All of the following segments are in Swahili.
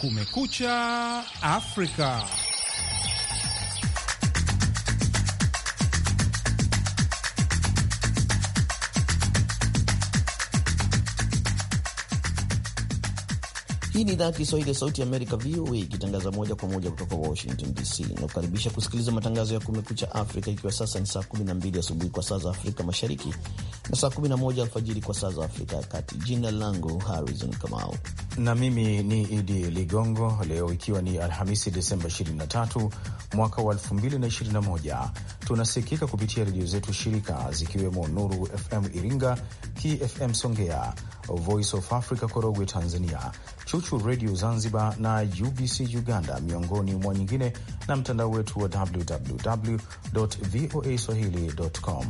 Kumekucha Afrika. Hii ni idhaa ya Kiswahili ya Sauti Amerika, VOA, ikitangaza moja kwa moja kutoka Washington DC. Nakukaribisha kusikiliza matangazo ya Kumekucha Afrika, ikiwa sasa ni saa 12 asubuhi kwa saa za Afrika Mashariki na saa 11 alfajiri kwa saa za Afrika ya Kati. Jina langu Harrison Kamau na mimi ni Idi Ligongo. Leo ikiwa ni Alhamisi, Desemba 23 mwaka wa 2021, tunasikika kupitia redio zetu shirika zikiwemo Nuru FM Iringa, KFM Songea, Voice of Africa Korogwe Tanzania, Chuchu Redio Zanzibar na UBC Uganda, miongoni mwa nyingine, na mtandao wetu wa www voa swahili.com.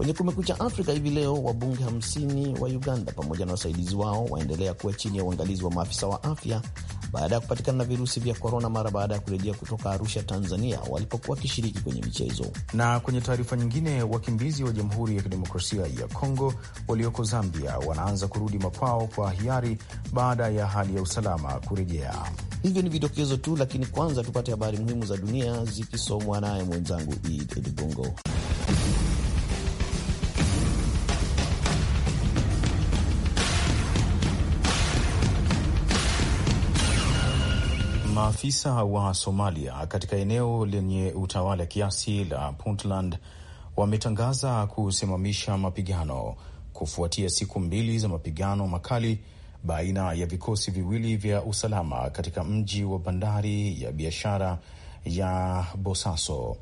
Kwenye Kumekucha Afrika hivi leo, wabunge 50 wa Uganda pamoja na wasaidizi wao waendelea kuwa chini ya uangalizi wa maafisa wa afya baada ya kupatikana na virusi vya korona mara baada ya kurejea kutoka Arusha, Tanzania, walipokuwa wakishiriki kwenye michezo. Na kwenye taarifa nyingine, wakimbizi wa Jamhuri ya Kidemokrasia ya Kongo walioko Zambia wanaanza kurudi makwao kwa hiari baada ya hali ya usalama kurejea. Hivyo ni vidokezo tu, lakini kwanza tupate habari muhimu za dunia zikisomwa naye mwenzangu Id Ligongo. Maafisa wa Somalia katika eneo lenye utawala kiasi la Puntland wametangaza kusimamisha mapigano kufuatia siku mbili za mapigano makali baina ya vikosi viwili vya usalama katika mji wa bandari ya biashara ya Bosaso.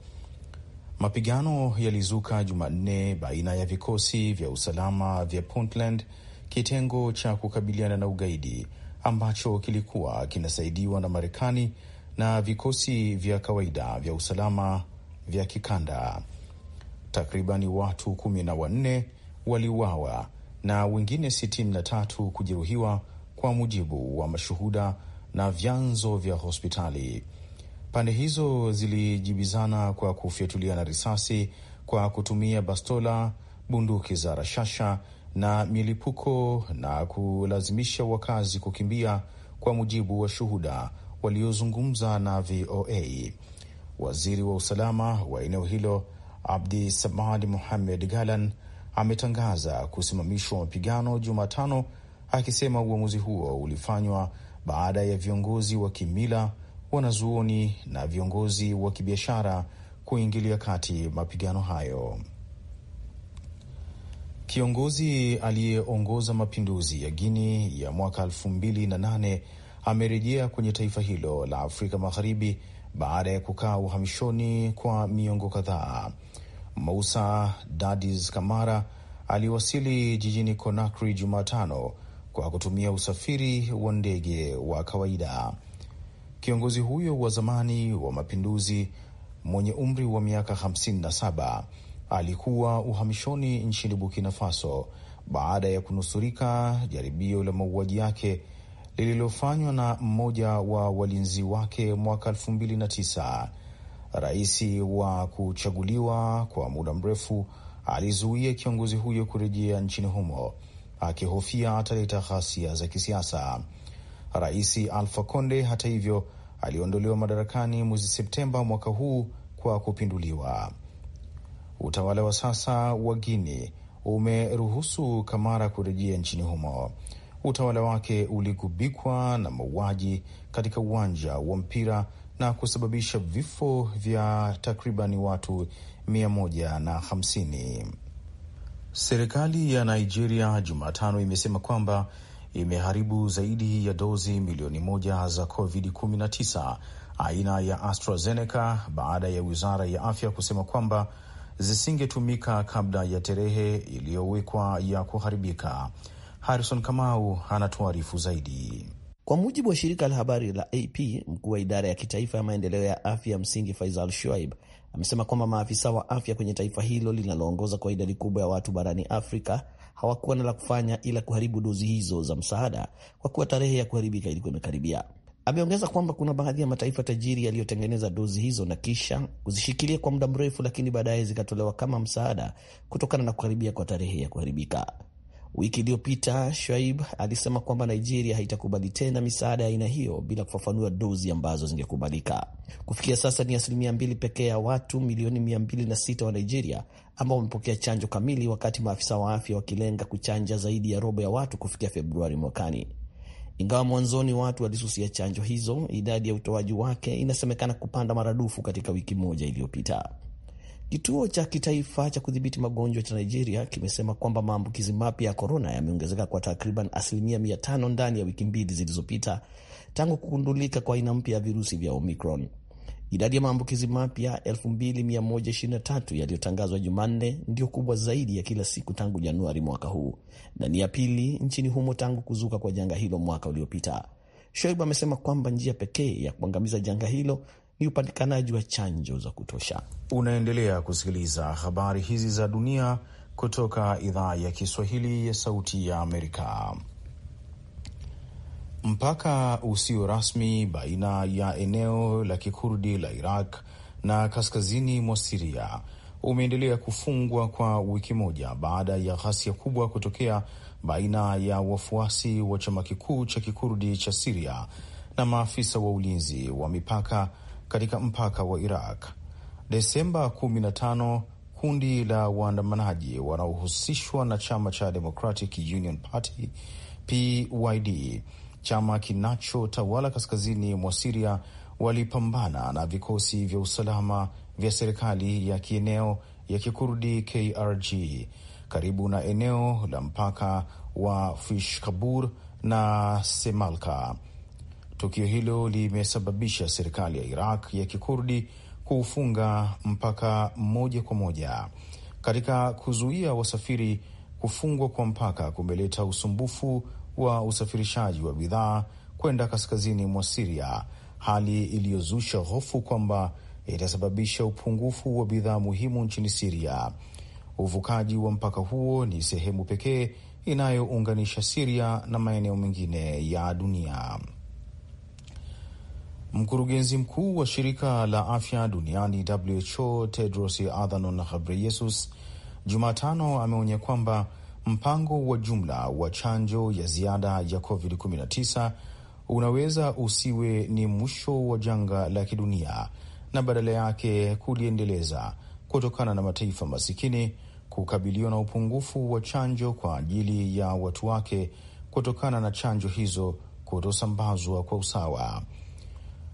Mapigano yalizuka Jumanne baina ya vikosi vya usalama vya Puntland, kitengo cha kukabiliana na ugaidi ambacho kilikuwa kinasaidiwa na Marekani na vikosi vya kawaida vya usalama vya kikanda. Takribani watu kumi na wanne waliuawa na wengine 63 kujeruhiwa kwa mujibu wa mashuhuda na vyanzo vya hospitali. Pande hizo zilijibizana kwa kufyatuliana risasi kwa kutumia bastola, bunduki za rashasha na milipuko na kulazimisha wakazi kukimbia, kwa mujibu wa shuhuda waliozungumza na VOA. Waziri wa usalama wa eneo hilo Abdi Samad Muhamed Galan ametangaza kusimamishwa mapigano Jumatano, akisema uamuzi huo ulifanywa baada ya viongozi wa kimila, wanazuoni na viongozi wa kibiashara kuingilia kati mapigano hayo. Kiongozi aliyeongoza mapinduzi ya Guini ya mwaka elfu mbili na nane amerejea kwenye taifa hilo la Afrika Magharibi baada ya kukaa uhamishoni kwa miongo kadhaa. Mousa Dadis Kamara aliwasili jijini Conakry Jumatano kwa kutumia usafiri wa ndege wa kawaida. Kiongozi huyo wa zamani wa mapinduzi mwenye umri wa miaka 57 alikuwa uhamishoni nchini Burkina Faso baada ya kunusurika jaribio la mauaji yake lililofanywa na mmoja wa walinzi wake mwaka elfu mbili na tisa. Rais wa kuchaguliwa kwa muda mrefu alizuia kiongozi huyo kurejea nchini humo akihofia ataleta ghasia za kisiasa. Rais Alfa Conde hata hivyo aliondolewa madarakani mwezi Septemba mwaka huu kwa kupinduliwa. Utawala wa sasa wa Guini umeruhusu Kamara kurejea nchini humo. Utawala wake uligubikwa na mauaji katika uwanja wa mpira na kusababisha vifo vya takriban watu 150. Serikali ya Nigeria Jumatano imesema kwamba imeharibu zaidi ya dozi milioni moja za COVID-19 aina ya AstraZeneca baada ya wizara ya afya kusema kwamba zisingetumika kabla ya tarehe iliyowekwa ya kuharibika. Harrison Kamau anatuarifu zaidi. Kwa mujibu wa shirika la habari la AP, mkuu wa idara ya kitaifa ya maendeleo ya afya ya msingi Faisal Shuaib amesema kwamba maafisa wa afya kwenye taifa hilo linaloongoza kwa idadi kubwa ya watu barani Afrika hawakuwa na la kufanya ila kuharibu dozi hizo za msaada kwa kuwa tarehe ya kuharibika ilikuwa imekaribia. Ameongeza kwamba kuna baadhi ya mataifa tajiri yaliyotengeneza dozi hizo na kisha kuzishikilia kwa muda mrefu, lakini baadaye zikatolewa kama msaada kutokana na kukaribia kwa tarehe ya kuharibika. Wiki iliyopita Shaib alisema kwamba Nigeria haitakubali tena misaada ya aina hiyo bila kufafanua dozi ambazo zingekubalika. Kufikia sasa ni asilimia mbili pekee ya watu milioni mia mbili na sita wa Nigeria ambao wamepokea chanjo kamili, wakati maafisa wa afya wakilenga kuchanja zaidi ya robo ya watu kufikia Februari mwakani. Ingawa mwanzoni watu walisusia chanjo hizo, idadi ya utoaji wake inasemekana kupanda maradufu katika wiki moja iliyopita. Kituo cha kitaifa cha kudhibiti magonjwa cha Nigeria kimesema kwamba maambukizi mapya ya korona yameongezeka kwa takriban asilimia mia tano ndani ya wiki mbili zilizopita tangu kugundulika kwa aina mpya ya virusi vya Omicron. Idadi ya maambukizi mapya 2123 yaliyotangazwa Jumanne ndiyo kubwa zaidi ya kila siku tangu Januari mwaka huu na ni ya pili nchini humo tangu kuzuka kwa janga hilo mwaka uliopita. Shoibu amesema kwamba njia pekee ya kuangamiza janga hilo ni upatikanaji wa chanjo za kutosha. Unaendelea kusikiliza habari hizi za dunia kutoka idhaa ya Kiswahili ya Sauti ya Amerika. Mpaka usio rasmi baina ya eneo la kikurdi la Iraq na kaskazini mwa Siria umeendelea kufungwa kwa wiki moja baada ya ghasia kubwa kutokea baina ya wafuasi wa chama kikuu cha kikurdi cha Siria na maafisa wa ulinzi wa mipaka katika mpaka wa Iraq. Desemba 15 kundi la waandamanaji wanaohusishwa na chama cha Democratic Union Party PYD chama kinachotawala kaskazini mwa Siria walipambana na vikosi vya usalama vya serikali ya kieneo ya kikurdi KRG karibu na eneo la mpaka wa Fishkabur na Semalka. Tukio hilo limesababisha serikali ya Iraq ya kikurdi kuufunga mpaka moja kwa moja. Katika kuzuia wasafiri, kufungwa kwa mpaka kumeleta usumbufu wa usafirishaji wa bidhaa kwenda kaskazini mwa Siria, hali iliyozusha hofu kwamba itasababisha upungufu wa bidhaa muhimu nchini Siria. Uvukaji wa mpaka huo ni sehemu pekee inayounganisha Siria na maeneo mengine ya dunia. Mkurugenzi mkuu wa shirika la afya duniani WHO Tedros Adhanom Ghebreyesus Jumatano ameonya kwamba Mpango wa jumla wa chanjo ya ziada ya COVID-19 unaweza usiwe ni mwisho wa janga la kidunia na badala yake kuliendeleza kutokana na mataifa masikini kukabiliwa na upungufu wa chanjo kwa ajili ya watu wake kutokana na chanjo hizo kutosambazwa kwa usawa.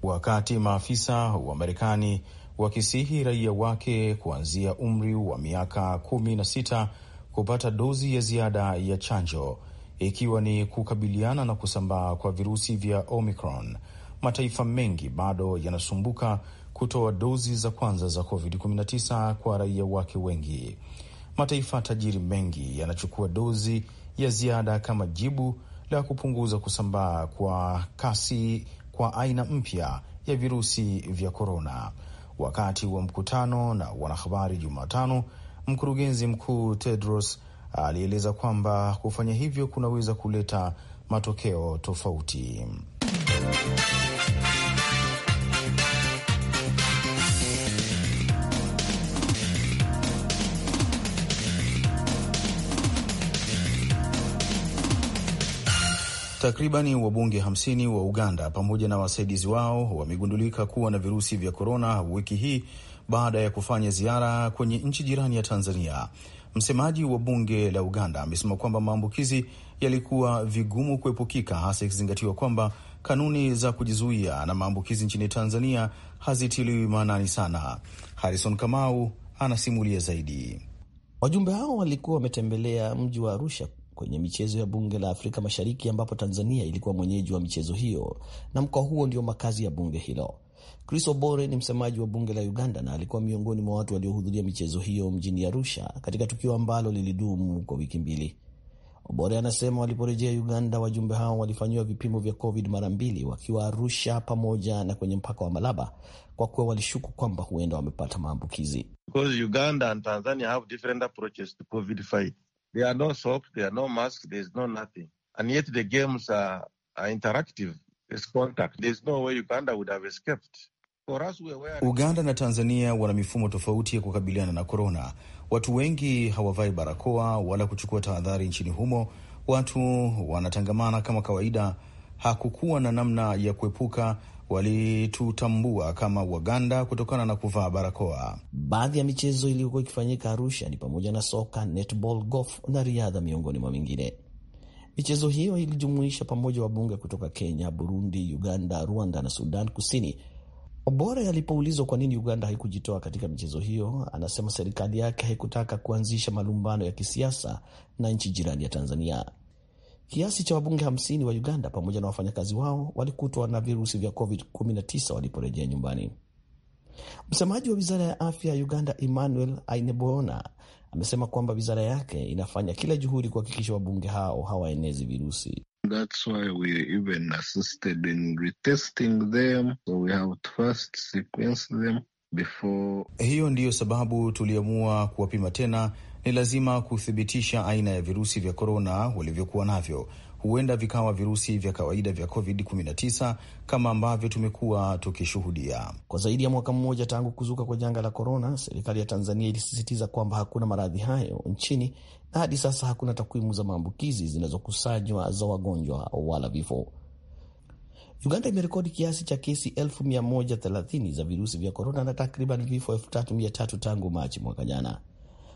Wakati maafisa wa Marekani wakisihi raia wake kuanzia umri wa miaka kumi na sita kupata dozi ya ziada ya chanjo ikiwa ni kukabiliana na kusambaa kwa virusi vya Omicron. Mataifa mengi bado yanasumbuka kutoa dozi za kwanza za COVID-19 kwa raia wake wengi. Mataifa tajiri mengi yanachukua dozi ya ziada kama jibu la kupunguza kusambaa kwa kasi kwa aina mpya ya virusi vya korona. Wakati wa mkutano na wanahabari Jumatano, mkurugenzi mkuu Tedros alieleza kwamba kufanya hivyo kunaweza kuleta matokeo tofauti. Takribani wabunge 50 wa Uganda pamoja na wasaidizi wao wamegundulika kuwa na virusi vya korona wiki hii baada ya kufanya ziara kwenye nchi jirani ya Tanzania. Msemaji wa bunge la Uganda amesema kwamba maambukizi yalikuwa vigumu kuepukika, hasa ikizingatiwa kwamba kanuni za kujizuia na maambukizi nchini Tanzania hazitiliwi maanani sana. Harrison Kamau anasimulia zaidi. Wajumbe hao walikuwa wametembelea mji wa Arusha kwenye michezo ya bunge la Afrika Mashariki ambapo Tanzania ilikuwa mwenyeji wa michezo hiyo, na mkoa huo ndio makazi ya bunge hilo. Chris Obore ni msemaji wa bunge la Uganda na alikuwa miongoni mwa watu waliohudhuria michezo hiyo mjini Arusha katika tukio ambalo lilidumu kwa wiki mbili. Obore anasema waliporejea Uganda, wajumbe hao walifanyiwa vipimo vya COVID mara mbili wakiwa Arusha pamoja na kwenye mpaka wa Malaba kwa kuwa walishuku kwamba huenda wamepata maambukizi his contact. There's no way Uganda would have escaped. Uganda na Tanzania wana mifumo tofauti ya kukabiliana na korona. Watu wengi hawavai barakoa wala kuchukua tahadhari nchini humo. Watu wanatangamana kama kawaida. Hakukuwa na namna ya kuepuka, walitutambua kama Waganda kutokana na kuvaa barakoa. Baadhi ya michezo iliyokuwa ikifanyika Arusha ni pamoja na soka, netball, golf na riadha miongoni mwa mingine. Michezo hiyo ilijumuisha pamoja wabunge kutoka Kenya, Burundi, Uganda, Rwanda na Sudan Kusini. Obore alipoulizwa kwa nini Uganda haikujitoa katika michezo hiyo, anasema serikali yake haikutaka kuanzisha malumbano ya kisiasa na nchi jirani ya Tanzania. Kiasi cha wabunge 50 wa Uganda pamoja na wafanyakazi wao walikutwa na virusi vya COVID-19 waliporejea nyumbani. Msemaji wa wizara ya afya ya Uganda, Emmanuel Ainebona, amesema kwamba wizara yake inafanya kila juhudi kuhakikisha wabunge hao hawaenezi virusi. That's why we even assisted in retesting them. So we have to first sequence them before... Hiyo ndiyo sababu tuliamua kuwapima tena. Ni lazima kuthibitisha aina ya virusi vya korona walivyokuwa navyo huenda vikawa virusi vya kawaida vya COVID-19 kama ambavyo tumekuwa tukishuhudia kwa zaidi ya mwaka mmoja tangu kuzuka kwa janga la korona. Serikali ya Tanzania ilisisitiza kwamba hakuna maradhi hayo nchini na hadi sasa hakuna takwimu za maambukizi zinazokusanywa za wagonjwa wala vifo. Uganda imerekodi kiasi cha kesi 130 za virusi vya korona na takriban vifo 3300 tangu Machi mwaka jana.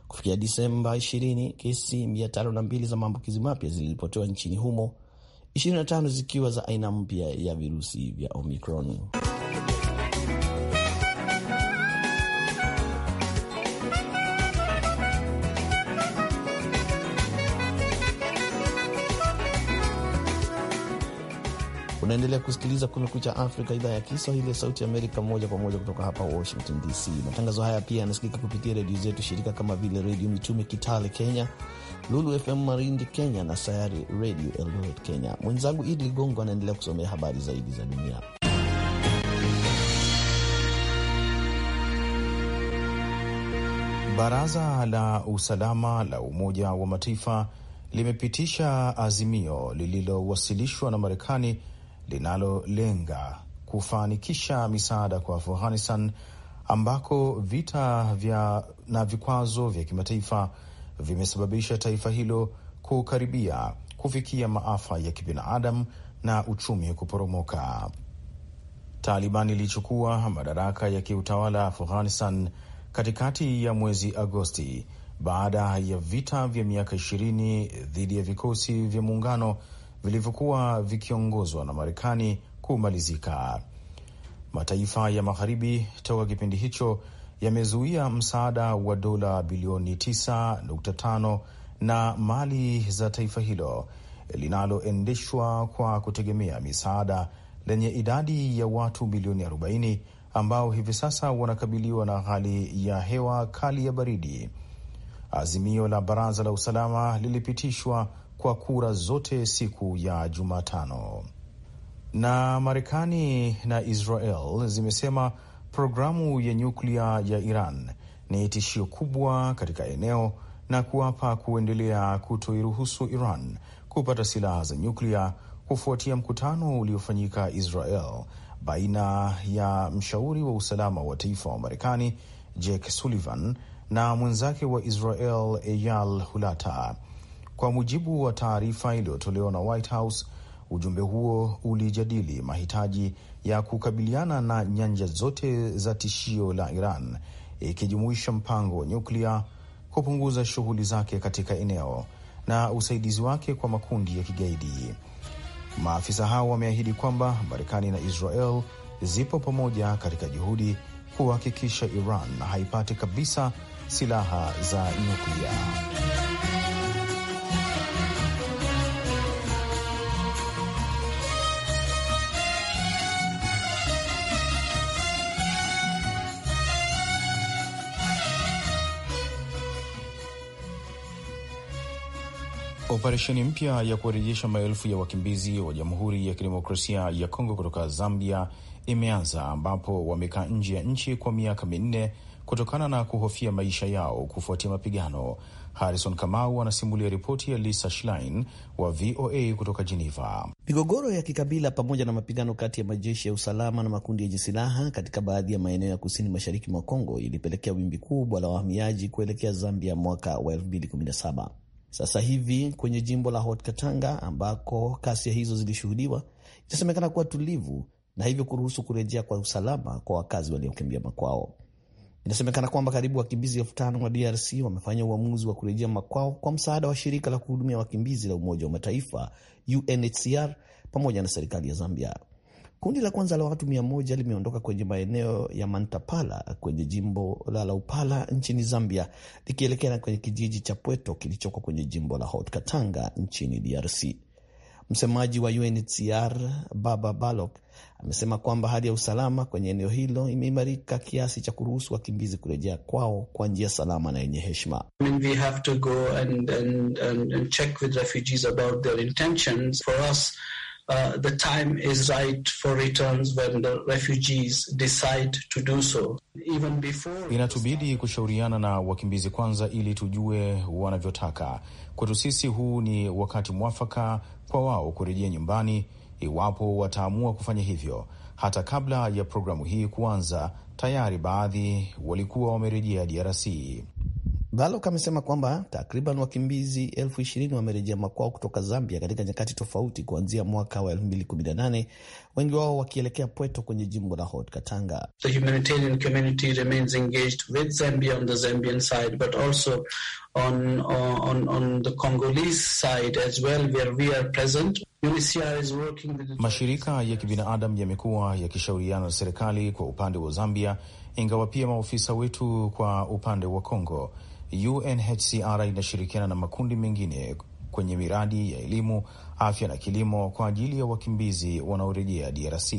Kufikia Disemba 20 kesi 502 za maambukizi mapya ziliripotiwa nchini humo, 25 zikiwa za aina mpya ya virusi vya Omicron. Unaendelea kusikiliza Kumekucha Afrika, idhaa ya Kiswahili ya Sauti Amerika, moja kwa moja kutoka hapa Washington DC. Matangazo haya pia yanasikika kupitia redio zetu shirika kama vile Redio Mitume Kitale Kenya, Lulu FM Marindi Kenya na Sayari Redio Eldoret Kenya. Mwenzangu Idi Ligongo anaendelea kusomea habari zaidi za dunia. Baraza la Usalama la Umoja wa Mataifa limepitisha azimio lililowasilishwa na Marekani linalolenga kufanikisha misaada kwa Afghanistan ambako vita vya na vikwazo vya kimataifa vimesababisha taifa hilo kukaribia kufikia maafa ya kibinadamu na uchumi kuporomoka. Taliban ilichukua madaraka ya kiutawala Afghanistan katikati ya mwezi Agosti baada ya vita vya miaka ishirini dhidi ya vikosi vya muungano vilivyokuwa vikiongozwa na Marekani kumalizika. Mataifa ya magharibi toka kipindi hicho yamezuia msaada wa dola bilioni 9.5 na mali za taifa hilo linaloendeshwa kwa kutegemea misaada lenye idadi ya watu milioni 40 ambao hivi sasa wanakabiliwa na hali ya hewa kali ya baridi. Azimio la Baraza la Usalama lilipitishwa kwa kura zote siku ya Jumatano. Na Marekani na Israel zimesema programu ya nyuklia ya Iran ni tishio kubwa katika eneo na kuapa kuendelea kutoiruhusu Iran kupata silaha za nyuklia kufuatia mkutano uliofanyika Israel baina ya mshauri wa usalama wa taifa wa Marekani Jake Sullivan na mwenzake wa Israel Eyal Hulata. Kwa mujibu wa taarifa iliyotolewa na White House, ujumbe huo ulijadili mahitaji ya kukabiliana na nyanja zote za tishio la Iran, ikijumuisha mpango wa nyuklia, kupunguza shughuli zake katika eneo na usaidizi wake kwa makundi ya kigaidi. Maafisa hao wameahidi kwamba Marekani na Israel zipo pamoja katika juhudi kuhakikisha Iran haipati kabisa silaha za nyuklia. Operesheni mpya ya kuwarejesha maelfu ya wakimbizi wa Jamhuri ya Kidemokrasia ya Kongo kutoka Zambia imeanza ambapo wamekaa nje ya nchi kwa miaka minne kutokana na kuhofia maisha yao kufuatia mapigano. Harrison Kamau anasimulia ripoti ya Lisa Schlein wa VOA kutoka Geneva. Migogoro ya kikabila pamoja na mapigano kati ya majeshi ya usalama na makundi yenye silaha katika baadhi ya maeneo ya kusini mashariki mwa Kongo ilipelekea wimbi kubwa la wahamiaji kuelekea Zambia mwaka wa 2017. Sasa hivi kwenye jimbo la Haut Katanga ambako kasia hizo zilishuhudiwa, itasemekana kuwa tulivu na hivyo kuruhusu kurejea kwa usalama kwa wakazi waliokimbia makwao. Inasemekana kwamba karibu wakimbizi elfu tano wa DRC wamefanya uamuzi wa kurejea makwao kwa msaada wa shirika la kuhudumia wakimbizi la Umoja wa Mataifa, UNHCR, pamoja na serikali ya Zambia. Kundi la kwanza la watu mia moja limeondoka kwenye maeneo ya Mantapala kwenye jimbo la Laupala nchini Zambia, likielekea kwenye kijiji cha Pweto kilichoko kwenye jimbo la Haut Katanga nchini DRC. Msemaji wa UNHCR Baba Balok amesema kwamba hali ya usalama kwenye eneo hilo imeimarika kiasi cha kuruhusu wakimbizi kurejea kwao kwa njia salama na yenye heshima. I mean, uh, the time is right for returns when the refugees decide to do so. Even before... inatubidi kushauriana na wakimbizi kwanza ili tujue wanavyotaka. Kwetu sisi huu ni wakati mwafaka kwa wao kurejea nyumbani, iwapo wataamua kufanya hivyo. Hata kabla ya programu hii kuanza, tayari baadhi walikuwa wamerejea DRC balok amesema kwamba takriban wakimbizi elfu ishirini wamerejea makwao kutoka Zambia katika nyakati tofauti kuanzia mwaka wa 2018, wengi wao wakielekea Pweto kwenye jimbo la Haut Katanga. On, on, on the Congolese side as well, where we are present. Mashirika ya kibinadamu yamekuwa yakishauriana na serikali kwa upande wa Zambia, ingawa pia maofisa wetu kwa upande wa congo UNHCR inashirikiana na makundi mengine kwenye miradi ya elimu, afya na kilimo kwa ajili ya wakimbizi wanaorejea DRC.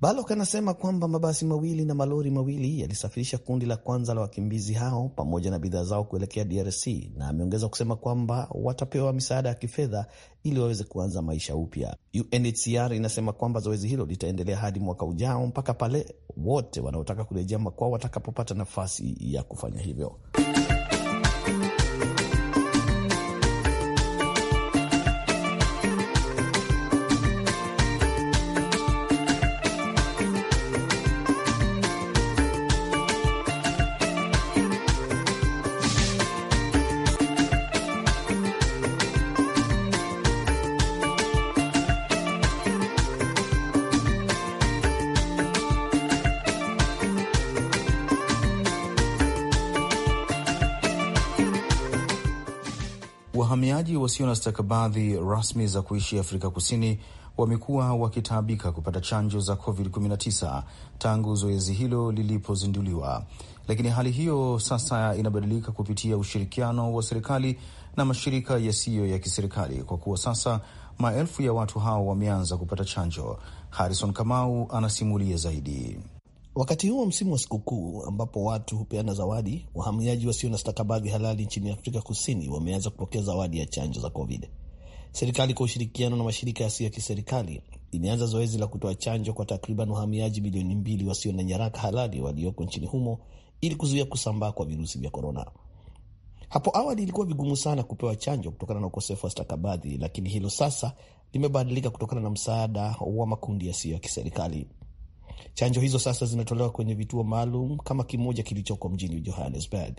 Balok anasema kwamba mabasi mawili na malori mawili yalisafirisha kundi la kwanza la wakimbizi hao pamoja na bidhaa zao kuelekea DRC, na ameongeza kusema kwamba watapewa misaada ya kifedha ili waweze kuanza maisha upya. UNHCR inasema kwamba zoezi hilo litaendelea hadi mwaka ujao mpaka pale wote wanaotaka kurejea makwao watakapopata nafasi ya kufanya hivyo. Wahamiaji wasio na stakabadhi rasmi za kuishi Afrika Kusini wamekuwa wakitaabika kupata chanjo za COVID-19 tangu zoezi hilo lilipozinduliwa, lakini hali hiyo sasa inabadilika kupitia ushirikiano wa serikali na mashirika yasiyo ya kiserikali, kwa kuwa sasa maelfu ya watu hao wameanza kupata chanjo. Harrison Kamau anasimulia zaidi. Wakati huo msimu wa sikukuu ambapo watu hupeana zawadi, wahamiaji wasio na stakabadhi halali nchini Afrika Kusini wameanza kupokea zawadi ya chanjo za COVID. Serikali kwa ushirikiano na mashirika yasiyo ya kiserikali imeanza zoezi la kutoa chanjo kwa takriban wahamiaji milioni mbili wasio na nyaraka halali walioko nchini humo ili kuzuia kusambaa kwa virusi vya korona. Hapo awali ilikuwa vigumu sana kupewa chanjo kutokana na ukosefu wa stakabadhi, lakini hilo sasa limebadilika kutokana na msaada wa makundi yasiyo ya kiserikali. Chanjo hizo sasa zinatolewa kwenye vituo maalum kama kimoja kilichoko mjini Johannesburg.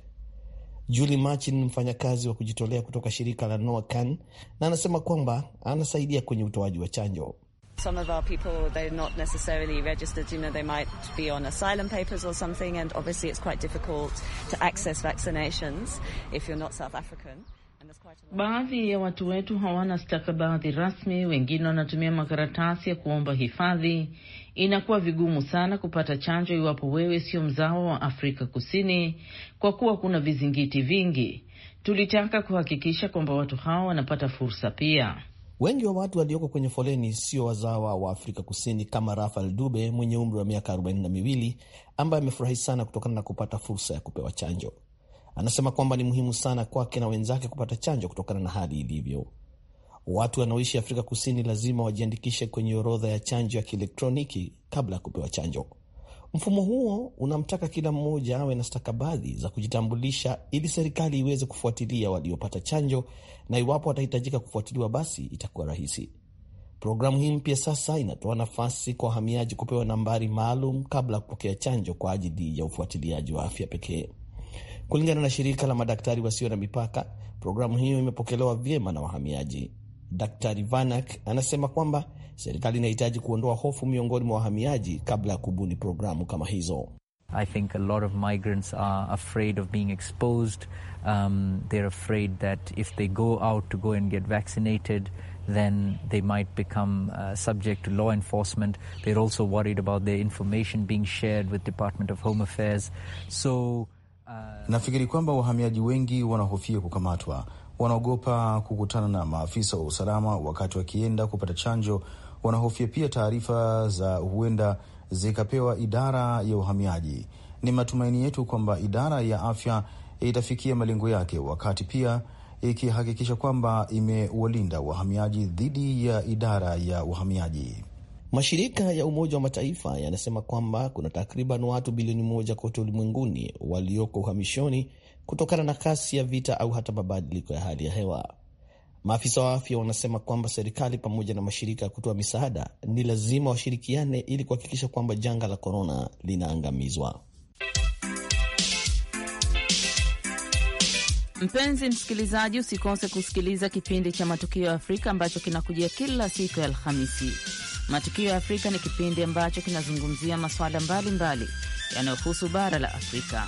Julie Marchin, mfanyakazi wa kujitolea kutoka shirika la NOACAN, na anasema kwamba anasaidia kwenye utoaji wa chanjo. Baadhi ya watu wetu hawana stakabadhi rasmi, wengine wanatumia makaratasi ya kuomba hifadhi inakuwa vigumu sana kupata chanjo iwapo wewe sio mzawa wa Afrika Kusini, kwa kuwa kuna vizingiti vingi. Tulitaka kuhakikisha kwamba watu hawa wanapata fursa pia. Wengi wa watu walioko kwenye foleni sio wazawa wa Afrika Kusini, kama Rafael Dube mwenye umri wa miaka arobaini na miwili ambaye amefurahi sana kutokana na kupata fursa ya kupewa chanjo. Anasema kwamba ni muhimu sana kwake na wenzake kupata chanjo kutokana na hali ilivyo. Watu wanaoishi Afrika Kusini lazima wajiandikishe kwenye orodha ya chanjo ya kielektroniki kabla ya kupewa chanjo. Mfumo huo unamtaka kila mmoja awe na stakabadhi za kujitambulisha ili serikali iweze kufuatilia waliopata chanjo, na iwapo watahitajika kufuatiliwa, basi itakuwa rahisi. Programu hii mpya sasa inatoa nafasi kwa wahamiaji kupewa nambari maalum kabla ya kupokea chanjo kwa ajili ya ufuatiliaji wa afya pekee. Kulingana na shirika la madaktari wasio na mipaka, programu hiyo imepokelewa vyema na wahamiaji. Dr Vanak anasema kwamba serikali inahitaji kuondoa hofu miongoni mwa wahamiaji kabla ya kubuni programu kama hizo. I think a lot of migrants are afraid of being exposed. Um, they're afraid that if they go out to go and get vaccinated, then they might become uh, subject to law enforcement. They're also worried about their information being shared with Department of Home Affairs. So, uh... Nafikiri kwamba wahamiaji wengi wanahofia kukamatwa wanaogopa kukutana na maafisa wa usalama wakati wakienda kupata chanjo. Wanahofia pia taarifa za huenda zikapewa idara ya uhamiaji. Ni matumaini yetu kwamba idara ya afya itafikia malengo yake, wakati pia ikihakikisha kwamba imewalinda wahamiaji dhidi ya idara ya uhamiaji. Mashirika ya Umoja wa Mataifa yanasema kwamba kuna takriban watu bilioni moja kote ulimwenguni walioko uhamishoni kutokana na kasi ya vita au hata mabadiliko ya hali ya hewa. Maafisa wa afya wanasema kwamba serikali pamoja na mashirika ya kutoa misaada ni lazima washirikiane ili kuhakikisha kwamba janga la korona linaangamizwa. Mpenzi msikilizaji, usikose kusikiliza kipindi cha Matukio ya Afrika ambacho kinakujia kila siku ya Alhamisi. Matukio ya Afrika ni kipindi ambacho kinazungumzia masuala mbalimbali yanayohusu bara la Afrika.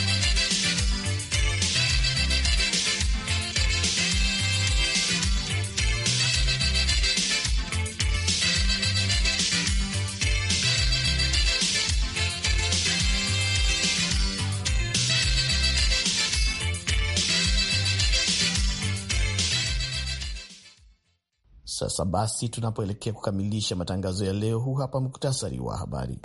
Sasa basi, tunapoelekea kukamilisha matangazo ya leo, huu hapa muktasari wa habari.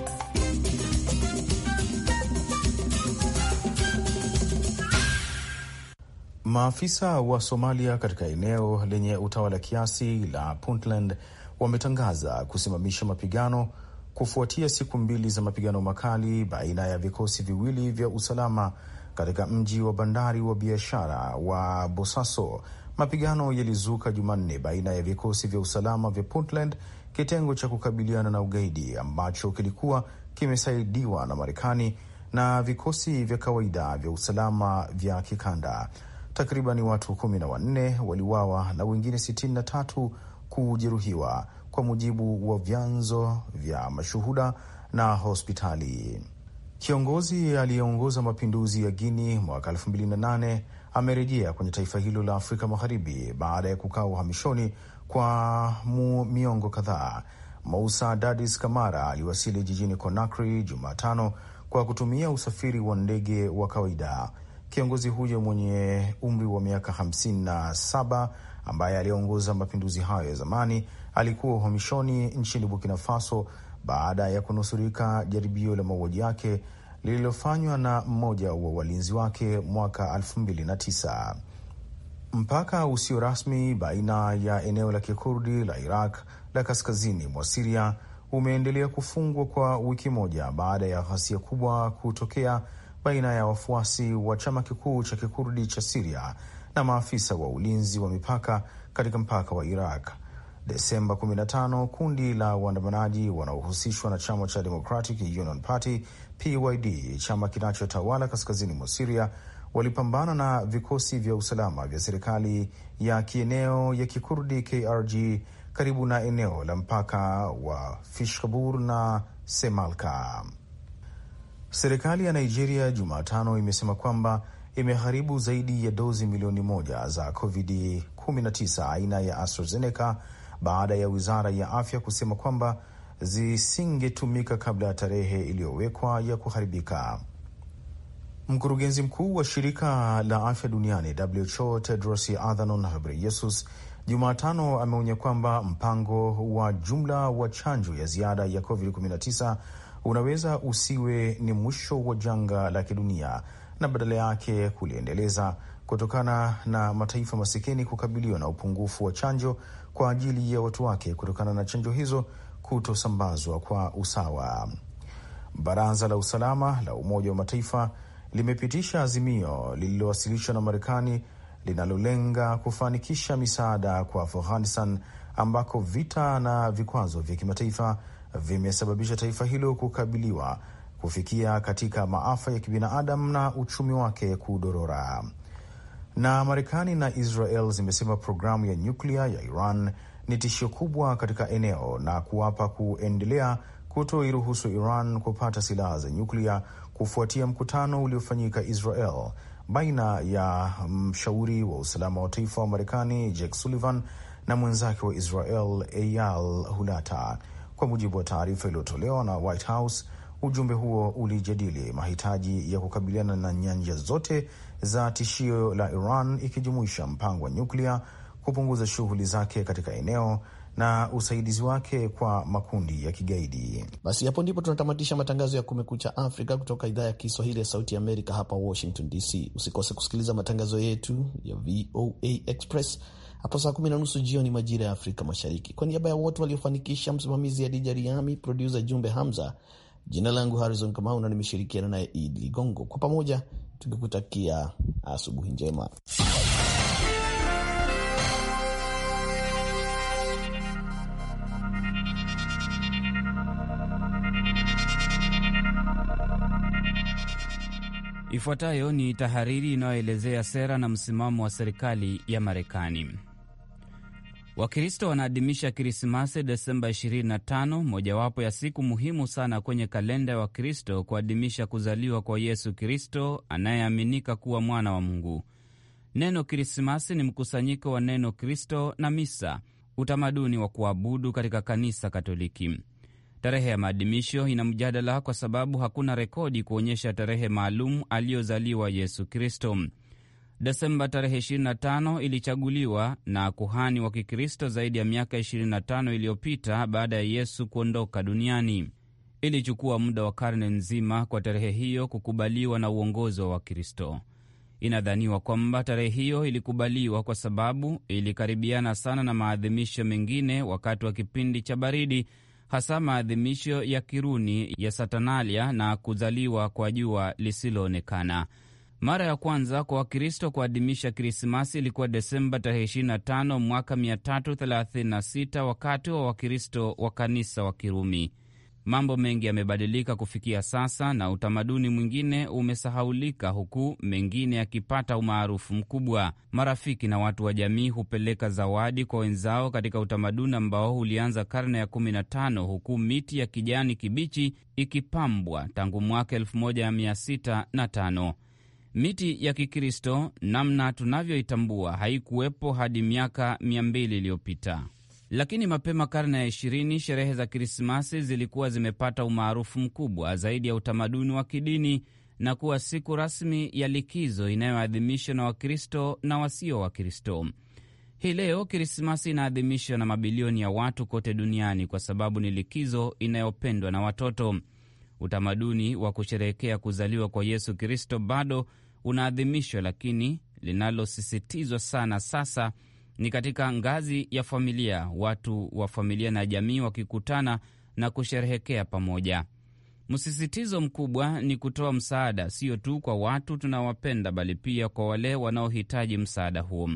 Maafisa wa Somalia katika eneo lenye utawala kiasi la Puntland wametangaza kusimamisha mapigano kufuatia siku mbili za mapigano makali baina ya vikosi viwili vya usalama katika mji wa bandari wa biashara wa Bosaso. Mapigano yalizuka Jumanne baina ya vikosi vya usalama vya Puntland, kitengo cha kukabiliana na ugaidi ambacho kilikuwa kimesaidiwa na Marekani, na vikosi vya kawaida vya usalama vya kikanda. Takribani watu kumi na wanne waliwawa na wengine sitini na tatu kujeruhiwa, kwa mujibu wa vyanzo vya mashuhuda na hospitali. Kiongozi aliyeongoza mapinduzi ya Guini mwaka 2008 amerejea kwenye taifa hilo la Afrika Magharibi baada ya kukaa uhamishoni kwa miongo kadhaa. Mousa Dadis Kamara aliwasili jijini Conakry Jumatano kwa kutumia usafiri wa ndege wa kawaida. Kiongozi huyo mwenye umri wa miaka 57 ambaye aliongoza mapinduzi hayo ya zamani alikuwa uhamishoni nchini Burkina Faso baada ya kunusurika jaribio la mauaji yake lililofanywa na mmoja wa walinzi wake mwaka 2009. Mpaka usio rasmi baina ya eneo la kikurdi la Iraq la kaskazini mwa Siria umeendelea kufungwa kwa wiki moja baada ya ghasia kubwa kutokea baina ya wafuasi wa chama kikuu cha kikurdi cha Siria na maafisa wa ulinzi wa mipaka katika mpaka wa Iraq. Desemba 15 kundi la waandamanaji wanaohusishwa na chama cha Democratic Union Party PYD, chama kinachotawala kaskazini mwa Siria, walipambana na vikosi vya usalama vya serikali ya kieneo ya kikurdi KRG karibu na eneo la mpaka wa Fishkabur na Semalka. Serikali ya Nigeria Jumatano imesema kwamba imeharibu zaidi ya dozi milioni moja za COVID-19 aina ya AstraZeneca baada ya wizara ya afya kusema kwamba zisingetumika kabla ya tarehe iliyowekwa ya kuharibika. Mkurugenzi mkuu wa shirika la afya duniani WHO Tedros Adhanom Ghebreyesus Jumatano ameonya kwamba mpango wa jumla wa chanjo ya ziada ya COVID-19 unaweza usiwe ni mwisho wa janga la kidunia na badala yake kuliendeleza kutokana na mataifa masikini kukabiliwa na upungufu wa chanjo kwa ajili ya watu wake kutokana na chanjo hizo kutosambazwa kwa usawa. Baraza la Usalama la Umoja wa Mataifa limepitisha azimio lililowasilishwa na Marekani linalolenga kufanikisha misaada kwa Afghanistan ambako vita na vikwazo vya kimataifa vimesababisha taifa hilo kukabiliwa kufikia katika maafa ya kibinadamu na uchumi wake kudorora. Na Marekani na Israel zimesema programu ya nyuklia ya Iran ni tishio kubwa katika eneo na kuapa kuendelea kutoiruhusu Iran kupata silaha za nyuklia kufuatia mkutano uliofanyika Israel baina ya mshauri wa usalama wa taifa wa Marekani Jake Sullivan na mwenzake wa Israel Eyal Hulata. Kwa mujibu wa taarifa iliyotolewa na White House, ujumbe huo ulijadili mahitaji ya kukabiliana na nyanja zote za tishio la Iran ikijumuisha mpango wa nyuklia, kupunguza shughuli zake katika eneo na usaidizi wake kwa makundi ya kigaidi. Basi hapo ndipo tunatamatisha matangazo ya Kumekucha Afrika kutoka idhaa ya Kiswahili ya Sauti ya Amerika hapa Washington DC. Usikose kusikiliza matangazo yetu ya VOA Express hapo saa kumi na nusu jioni majira ya Afrika Mashariki. Kwa niaba ya wote waliofanikisha, msimamizi Adija Riami, produsa Jumbe Hamza, jina langu Harrison Kamau na nimeshirikiana naye Idi Ligongo, kwa pamoja tukikutakia uh, asubuhi njema. Ifuatayo ni tahariri inayoelezea sera na msimamo wa serikali ya Marekani. Wakristo wanaadhimisha Krismasi Desemba 25, mojawapo ya siku muhimu sana kwenye kalenda ya Wakristo kuadhimisha kuzaliwa kwa Yesu Kristo anayeaminika kuwa mwana wa Mungu. Neno Krismasi ni mkusanyiko wa neno Kristo na misa, utamaduni wa kuabudu katika kanisa Katoliki. Tarehe ya maadhimisho ina mjadala kwa sababu hakuna rekodi kuonyesha tarehe maalum aliyozaliwa Yesu Kristo. Desemba tarehe 25 ilichaguliwa na kuhani wa Kikristo zaidi ya miaka 25 iliyopita baada ya Yesu kuondoka duniani. Ilichukua muda wa karne nzima kwa tarehe hiyo kukubaliwa na uongozi wa Wakristo. Inadhaniwa kwamba tarehe hiyo ilikubaliwa kwa sababu ilikaribiana sana na maadhimisho mengine wakati wa kipindi cha baridi, hasa maadhimisho ya kiruni ya Satanalia na kuzaliwa kwa jua lisiloonekana. Mara ya kwanza kwa Wakristo kuadhimisha Krismasi ilikuwa Desemba tarehe 25 mwaka 336 wakati wa Wakristo wa kanisa wa Kirumi. Mambo mengi yamebadilika kufikia sasa na utamaduni mwingine umesahaulika, huku mengine yakipata umaarufu mkubwa. Marafiki na watu wa jamii hupeleka zawadi kwa wenzao katika utamaduni ambao ulianza karne ya 15 huku miti ya kijani kibichi ikipambwa tangu mwaka 1605. Miti ya Kikristo namna tunavyoitambua haikuwepo hadi miaka mia mbili iliyopita, lakini mapema karne ya ishirini sherehe za Krismasi zilikuwa zimepata umaarufu mkubwa zaidi ya utamaduni wa kidini na kuwa siku rasmi ya likizo inayoadhimishwa na Wakristo na wasio Wakristo. Hii leo Krismasi inaadhimishwa na mabilioni ya watu kote duniani kwa sababu ni likizo inayopendwa na watoto. Utamaduni wa kusherehekea kuzaliwa kwa Yesu Kristo bado adhimisho lakini linalosisitizwa sana sasa ni katika ngazi ya familia, watu wa familia na jamii wakikutana na kusherehekea pamoja. Msisitizo mkubwa ni kutoa msaada, sio tu kwa watu tunawapenda, bali pia kwa wale wanaohitaji msaada huo.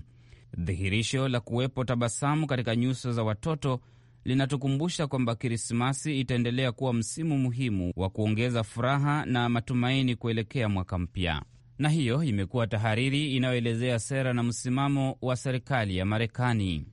Dhihirisho la kuwepo tabasamu katika nyuso za watoto linatukumbusha kwamba Krismasi itaendelea kuwa msimu muhimu wa kuongeza furaha na matumaini kuelekea mwaka mpya na hiyo imekuwa tahariri inayoelezea sera na msimamo wa serikali ya Marekani.